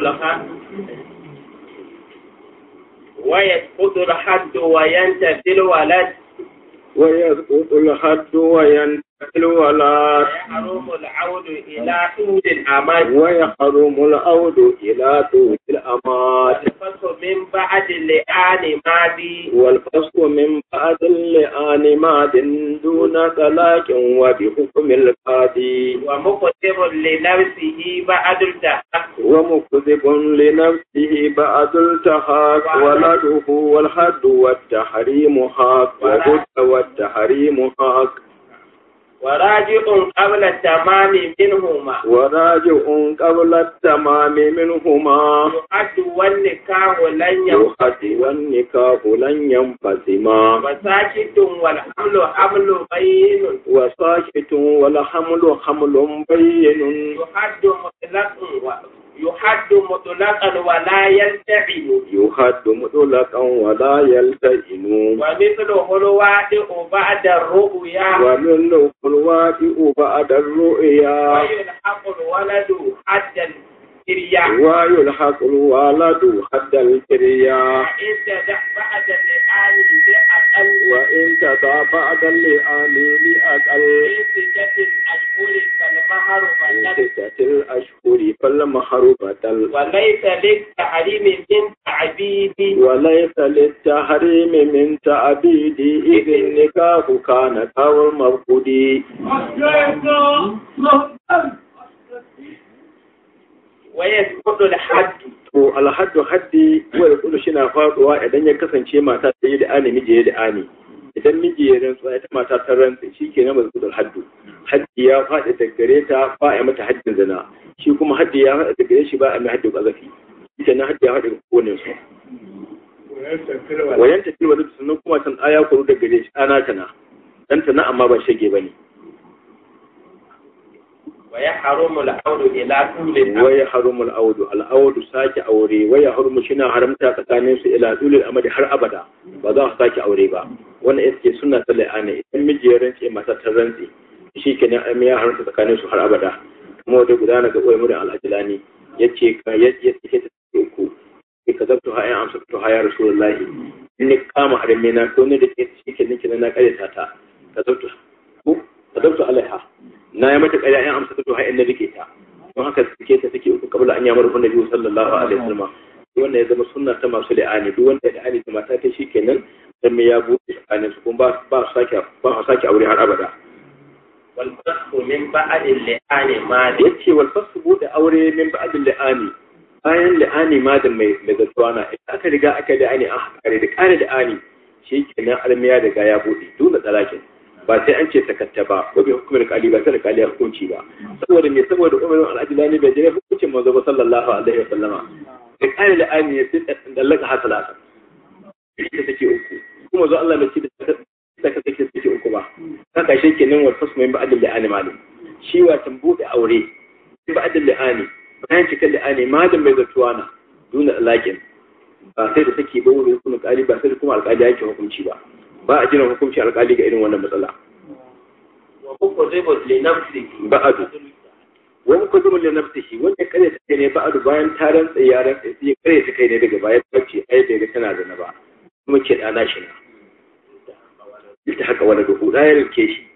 لها ويسقط الحد وينتفي الولد ويسقط الحد وينتفي ويحرم العود إلى طول الأمات ويحرم العود إلى طول الأمات والفصل من بعد اللئان ماد والفصل من بعد اللئان ماد دون طلاق وبحكم القاضي ومكذب لنفسه بعد التحق ومكذب لنفسه بعد التحق ولده والحد والتحريم حق وبد والتحريم حق وراجع قبل التمام منهما وراجع قبل التمام منهما يؤد والنكاح لن يحد والنكاح لن ينقسما وساكت والحمل حمل بين وساكت والحمل حمل بين يؤد مطلق يحد مطلقا ولا يلتئم يحد مطلقا ولا يلتئم ومثل الوادع بعد الرؤيا ومثل الوادع بعد الرؤيا ويلحق الولد حدا ويلحق الولد حد الكريا وإن تدع بعد اللئام لأقل وإن تدع بعد اللئام لأقل لآمين أقل ba kulli mahrubatin walaysa lit'abidi min ta'bidi walaysa lit'harimi min ta'bidi idin nikahu kana qawl su wa da haddu To haddu haddi wa shi na faduwa idan ya kasance mata ta yi da ani miji ya da ani idan miji ya rantsa ita mata ta rantsa shikenan bazu da haddu haddi ya faɗi da gare ta ba a mata haddin zina shi kuma haddi ya faɗi da gare shi ba a mai haddin ƙazafi ita na haddi ya faɗi ko kowane su wayan tafiyar wani sunan kuma san aya kuru da gare shi ɗana tana. dan ta na amma ba shege ba ne waya harumul audu ila tulil waya harumul audu al'audu sake aure waya harumu shi na haramta tsakanin su ila tulil amadi har abada ba za ka sake aure ba wannan yake sunna suna ana idan miji ya rance mata ta rantsi shi ke nan ya haramta tsakanin su har abada kuma da gudana ga koyi murin al'ajilani ya ce ka ya ce ta ku ya ka zabtu ha amsa ta ha ya rasulullahi in ni kama harame na ko ne da ke shi ke nake na kare ta ta ka zabtu ku ka alaiha na ya mata kare ya amsa ta ta in na rike ta don haka suke ta take uku kabla an mara kun biyu sallallahu alaihi wasallam wanda ya zama sunna ta masu la'ani duk wanda ya la'ani ta mata ta shi kenan dan me ya buɗe tsakanin su kuma ba ba sake ba sake aure har abada wal fasfu min ba'dil li'ani ma yace wal fasfu bude aure min ba'dil li'ani bayan li'ani ma da mai da zatsuwana idan aka riga aka li'ani an hakare da kare li'ani shi kenan almiya da gaya ya bude dole talakin ba sai an ce takatta ba ko bai hukumar kali ba sai kali hukunci ba saboda me saboda umarin al'ajilani bai jira hukuncin manzo ba sallallahu alaihi wa sallama da kare li'ani ya sai dallaka hasalata ita take uku kuma zo Allah mai ci da saka kake suke uku ba haka shi ke nan walfas mai ba'adin li'ani malin shi watan buɗe aure ba'adin li'ani bayan cikin li'ani malam bai zartuwa na duna alaƙin ba sai da take ba wuri kuma ƙari, ba sai da kuma alƙali yake hukunci ba ba a jiran hukunci alƙali ga irin wannan matsala ba'adu wani kuzumin da nafsihi wanda kare ta kai ne adu bayan taron tsayaran ya kare ta kai ne daga bayan bacci ai bai ga tana da na ba kuma ke da shi na duk haka wani duhu da ya rike shi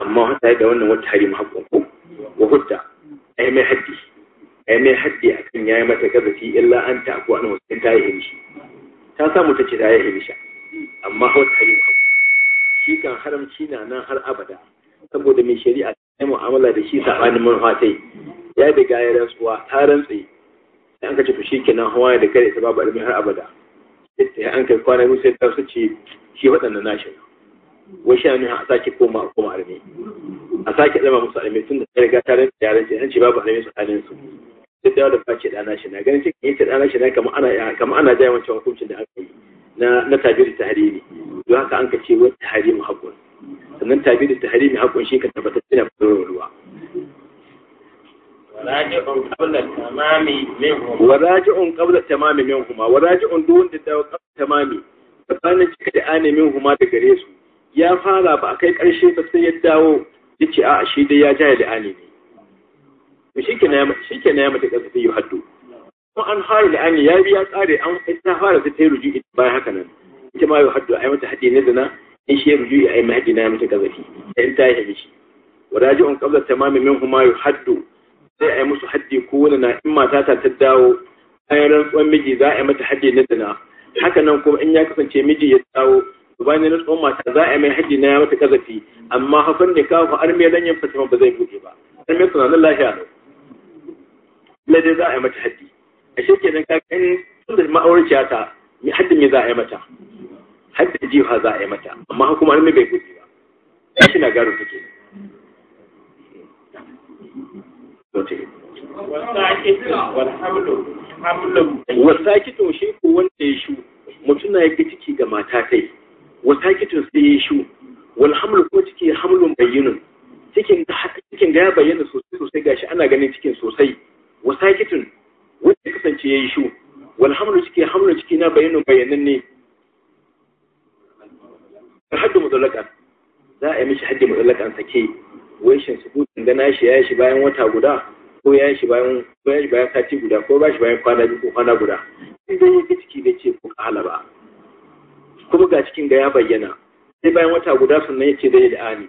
amma wata da wannan wata hari mahakkun ko wa hutta ai mai haddi ai mai haddi akan yayi mata kazafi illa an ta ko an wasu ta yi himishi ta samu ta ce ta yi himisha amma wata hari mahakkun shi kan haramci na nan har abada saboda mai shari'a ta mu'amala da shi sabanin manufatai ya daga ya rantsuwa ta rantsi an ka ce to nan hawa da kare ta babu almi har abada sai an kai kwana biyu sai ta su ce shi waɗannan nashin wai shi nuna a sake koma a koma arme a sake zama musu arme tun da ta riga ta rinta yaran ce an ce babu arme tsakanin su sai da wanda ba ce dana shi na ganin cikin yace dana shi na kamar ana kamar ana jaya wancan hukuncin da aka yi na na tabiri tahrimi don haka an ka ce wai tahrimi hakkun sannan tabiri tahrimi hakkun shi ka tabbatar da ruwa waraji'un qabla tamami minhum waraji'un qabla tamami minhum waraji'un duk wanda ta qabla tamami tsakanin cika da ane minhum da gare su ya fara ba a kai ƙarshe ba sai ya dawo ya ce a shi dai ya jaya ani ne shi ke na ya mata ƙasa sai yi haddu kuma an fara ani ya bi ya tsare an ta fara ta yi ruju'i bayan haka nan ita ma yi haddu a yi mata haddi na zina in shi ya ruju'i a yi mai haddi na ya mata ƙazafi ta in ta yi haddi shi ta qabla min kuma ma yuhaddu sai a yi musu haddi ko wani na in mata ta ta dawo bayan rantsuwan miji za a yi mata haddi na zina haka nan kuma in ya kasance miji ya dawo bayan ne na tsohon mata za a mai haji na ya mata kazafi amma hafin da kawo har mai dan yin ba zai buɗe ba har mai suna nan lafiya ne lalle za a yi mata haji a shirke nan kakan tun da ma'auraciya ta mai haji me za a yi mata haji jiha za a yi mata amma kuma har mai bai buɗe ba ya shi na garo take wasa kito shi ko wanda ya shu mutum na yake ciki ga mata Wasakitun sai ya shu wal hamlu ko ciki hamlun bayyinun cikin cikin ga ya bayyana sosai sosai gashi ana ganin cikin sosai Wasakitun sakitin kasance kasance yi shu wal hamlu ciki hamlun cike na bayyinun bayyanan ne haddu mudallaqan za a yi mishi haddi mudallaqan sake wai shin su gudun gana shi ya shi bayan wata guda ko ya shi bayan ko ya shi bayan sati guda ko ba shi bayan kwana biyu ko kwana guda idan dai yake ciki da ce ko kala ba kuma ga cikin ga ya bayyana sai bayan wata guda sannan ce zai yi da'ani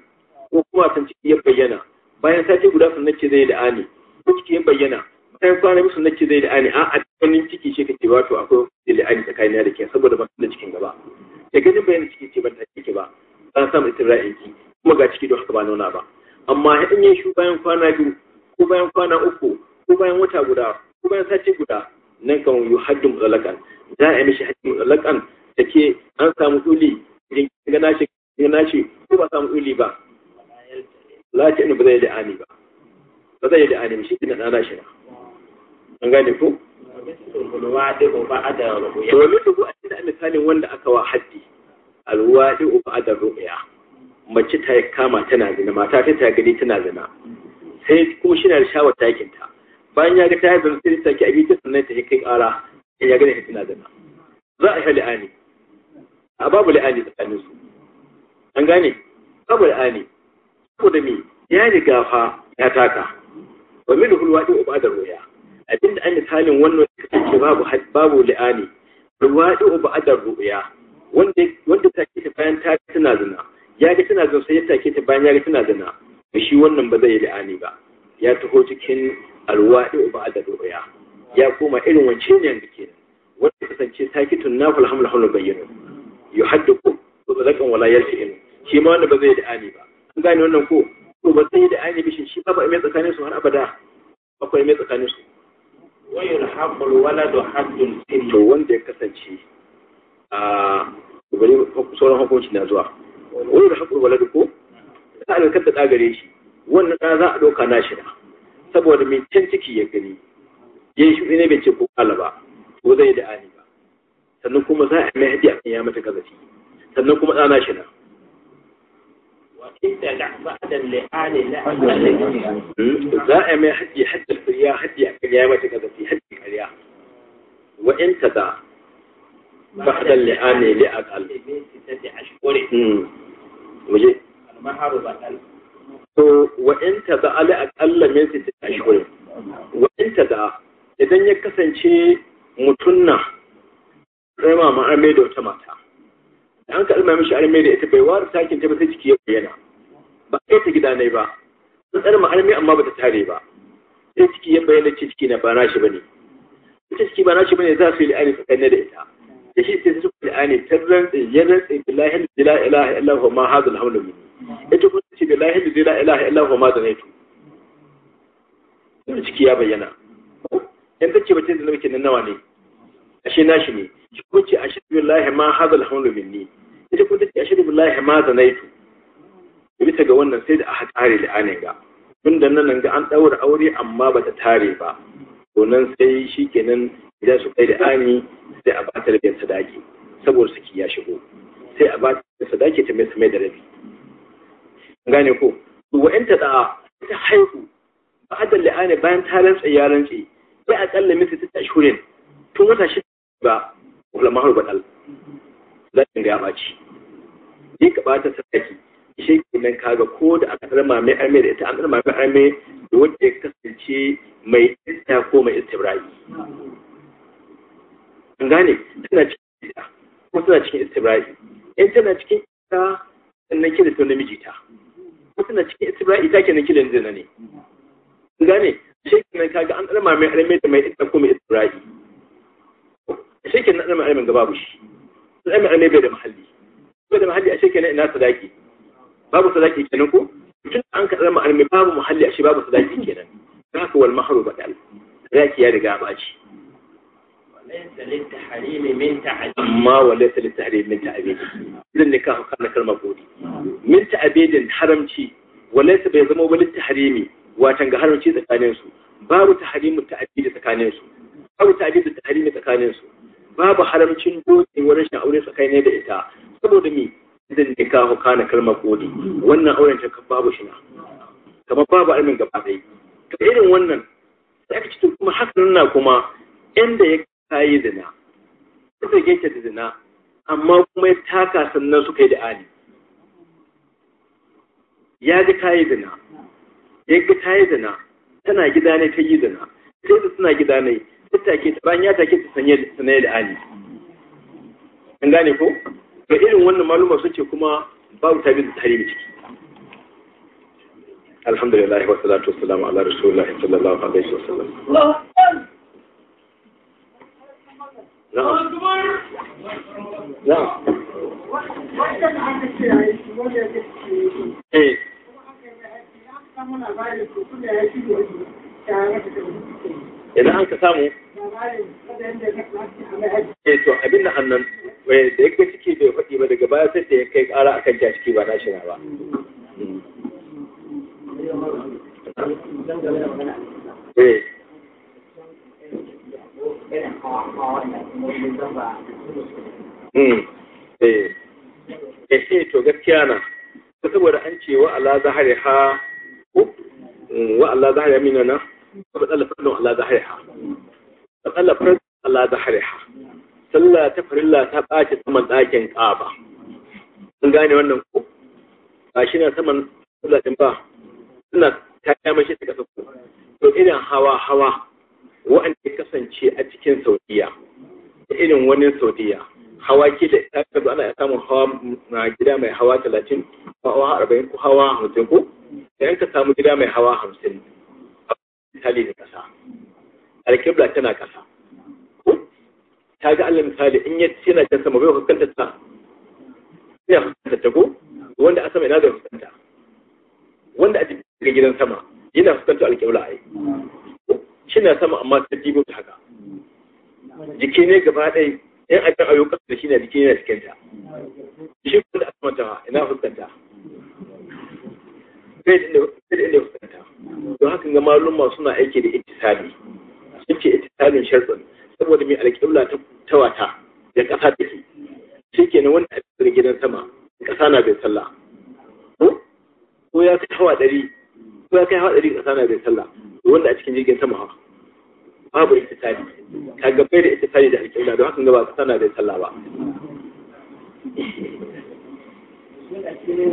ko kuma sun ciki ya bayyana bayan sati guda sannan ce zai yi da'ani ko ciki ya bayyana bayan kwana biyu sannan ce zai yi da'ani a cikin ciki shi kake wato akwai zai da'ani tsakanin da ke saboda ba da cikin gaba da gajin bayan ciki ce ban ta ciki ba ba samu itira'in ki kuma ga ciki don haka ba nuna ba amma in yin shu bayan kwana biyu ko bayan kwana uku ko bayan wata guda ko bayan sati guda nan kan yi haddin mutsalakan za a yi mishi haddin mutsalakan da ke an samu uli idan ga nashi ga nashi ko ba samu uli ba la ta ba zai da ani ba ba zai da ani shi ne dana shi an gane ko domin dubu a cikin misalin wanda aka wa haddi alwaɗi uba da ru'ya mace ta kama tana zina mata ta ta gari tana zina sai kuma shi na da shawar takin ta bayan ya ga ta yi zina sai ta ki abinci sannan ta kai ƙara ya ga ta tana zina za a sha li'ani a babu la'ani tsakanin su an gane babu la'ani saboda me ya riga fa ya taka wa min hulwadi uba da roya abinda an yi talin wannan da kake babu babu la'ani hulwadi uba da roya wanda wanda take ta bayan ta tana zina ya ga tana zina sai ya take ta bayan ya ga tana zina shi wannan ba zai yi la'ani ba ya taho cikin alwadi uba da roya ya koma irin wancan ne da ke wanda kasance sakitun nafil hamla hamla bayyana yuhaddukum ba zakan wala yarji'in shi ma wanda ba zai da ani ba an gane wannan ko to ba zai da ani bishin shi ba ba mai tsakanin su har abada akwai mai tsakanin su wayar haƙul wala da haddun to wanda ya kasance a bari sauran hukunci na zuwa wayar haƙul wala da ko ta alkar da gare shi wannan ɗa za a ɗauka na shida saboda mai can ciki ya gani yin shi ne bai ce ko kala ba ko zai da ani ba sannan kuma za a mai a kan ya mata sannan kuma ɗana shi na hmm? za a mai hadi hadi alfariya hadi a kan ya mata kazafi hadi karya wa in ta da بعد اللعان لأقل مجي المهر بطل وإن تدعى لأقل من ستة أشهر وإن تدعى إذن يكسن شيء an da wata mata da an ka alma mishi arme da ita bai wara takin ta ba sai ciki ya bayyana ba a ta gida ne ba sun tsarma arme amma ba ta tare ba sai ciki ya bayyana ce jiki na ba ne, bane ta ciki ba na shi ba ne za su yi li'ani tsakanin da ita da shi sai su li'ani ta rantsi ya rantsi da zila ilaha illa huwa ma hadal hamlu min ita kuma ce da billahi la ilaha illa huwa ma zanaitu ciki ya bayyana yanzu ce bace da nake nan nawa ne ashe nashi ne shi ko ce ashe billahi ma hazal alhamdu minni ita kuma ce ashe billahi ma zanaitu bisa ga wannan sai da aka tare li'anin ga tun da nan ga an daura aure amma bata tare ba to nan sai shikenan idan su kai ani sai a bata rabin sadaki saboda suki ya shigo sai a bata sadaki ta mai da rabi gane ko inta da ta haihu ba da li'ani bayan ta rantsa ya sai a tsalla misi ta ashurin tun wata shi ba wala mahar badal za ka ga baci ki ka bata sarki shi ka kaga ko da aka tsarma mai arme da ita an tsarma mai arme da wanda ya kasance mai ita ko mai istibra'i an gane tana cikin ita ko tana cikin istibra'i in tana cikin ita sannan kira ta namiji ta ko tana cikin istibra'i ta kenan kira zina ne an gane shi ka kaga an tsarma mai arme da mai ista ko mai istibra'i ashe kenan ɗan malamin ga babu shi ɗan malamin bai da mahalli bai da mahalli ashe kenan sadaki babu sadaki kenan ko tun an ka ɗan malamin babu mahalli ashe babu sadaki kenan za ka wal maharu ba ɗal sadaki ya riga ba ci. amma wale salit tahrimi min ta'abidin idan ne ka kana kalmar godi min ta'abidin haramci wale bai zama wani tahrimi watan ga haramci tsakaninsu babu tahrimu ta'abidi tsakaninsu babu ta'abidi tahrimi tsakaninsu babu haramcin wani rashin aure ne da ita saboda me idan ne ka kana kalmar kodi wannan auren ta babu shi na kamar babu almin gaba dai to irin wannan sai ka ci kuma haka na kuma inda ya kayi zina ya zage ta da zina amma kuma ya taka sannan suka yi da ali ya ga kayi zina ya ga kayi zina tana gida ne ta yi zina sai da suna gida ne ya take ta bayan ya take ta sanye da ali an gane ko ga irin wannan maluma sun ce kuma babu ta tabi da tarihi ciki alhamdulillah wa salatu wassalamu ala rasulillah sallallahu alaihi wasallam na'am na'am eh idan an ka samu eh to abin da annan eh, da ya ciki bai faɗi ba daga baya sai da ya kai ƙara akan ja ciki ba nashi na ba eh. Hmm. Eh. eh eh to gaskiya na saboda an ce wa Allah zahari ha wa zahari amina na فبتقل فرد على ظهرها فبتقل فرد على ظهرها sallah ta farilla ta ɓace saman ɗakin ƙaba an gane wannan ko ba shi na saman sallah ba suna ta kama shi ta kasa ko to irin hawa hawa wa'anda ya kasance a cikin saudiya da irin wani saudiya hawa ke da ta zo ana samun hawa na gida mai hawa talatin hawa arba'in ko hawa hamsin ko sai an ka samu gida mai hawa hamsin misali da ƙasa alƙibla tana ƙasa ta ga Allah misali in yace yana can sama bai fuskanta ta sai ya fuskanta ta ko wanda a sama yana da fuskanta wanda a cikin gidan sama yana fuskanta alƙibla ai shi na sama amma ta jibo ta haka jiki ne gaba ɗaya in a kan ayyukan da shi na jiki yana cikin ta shi kuma da a sama ta ina fuskanta sai da inda don haka ga malumma suna aiki da ittisali sun ce ittisalin shartsin saboda mai alƙibla ta tawata da ƙasa ke, shi kenan wanda a cikin gidan sama ƙasa na bai sallah ko ya kai hawa ɗari ko ya kai hawa ɗari ƙasa na bai sallah wanda a cikin jirgin sama babu ittisali Ka gabai da ittisali da alƙibla don haka ga ba ƙasa na bai sallah ba Thank you.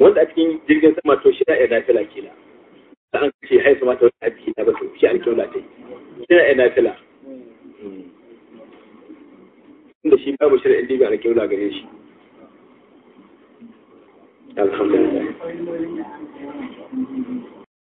wanda a cikin jirgin sama to shi na iya nafila kila da an ce haisu mata wani abu na ba su shi an kyaula ta yi shi na iya nafila inda shi babu shi da yan dibi a kyaula gare shi alhamdulillah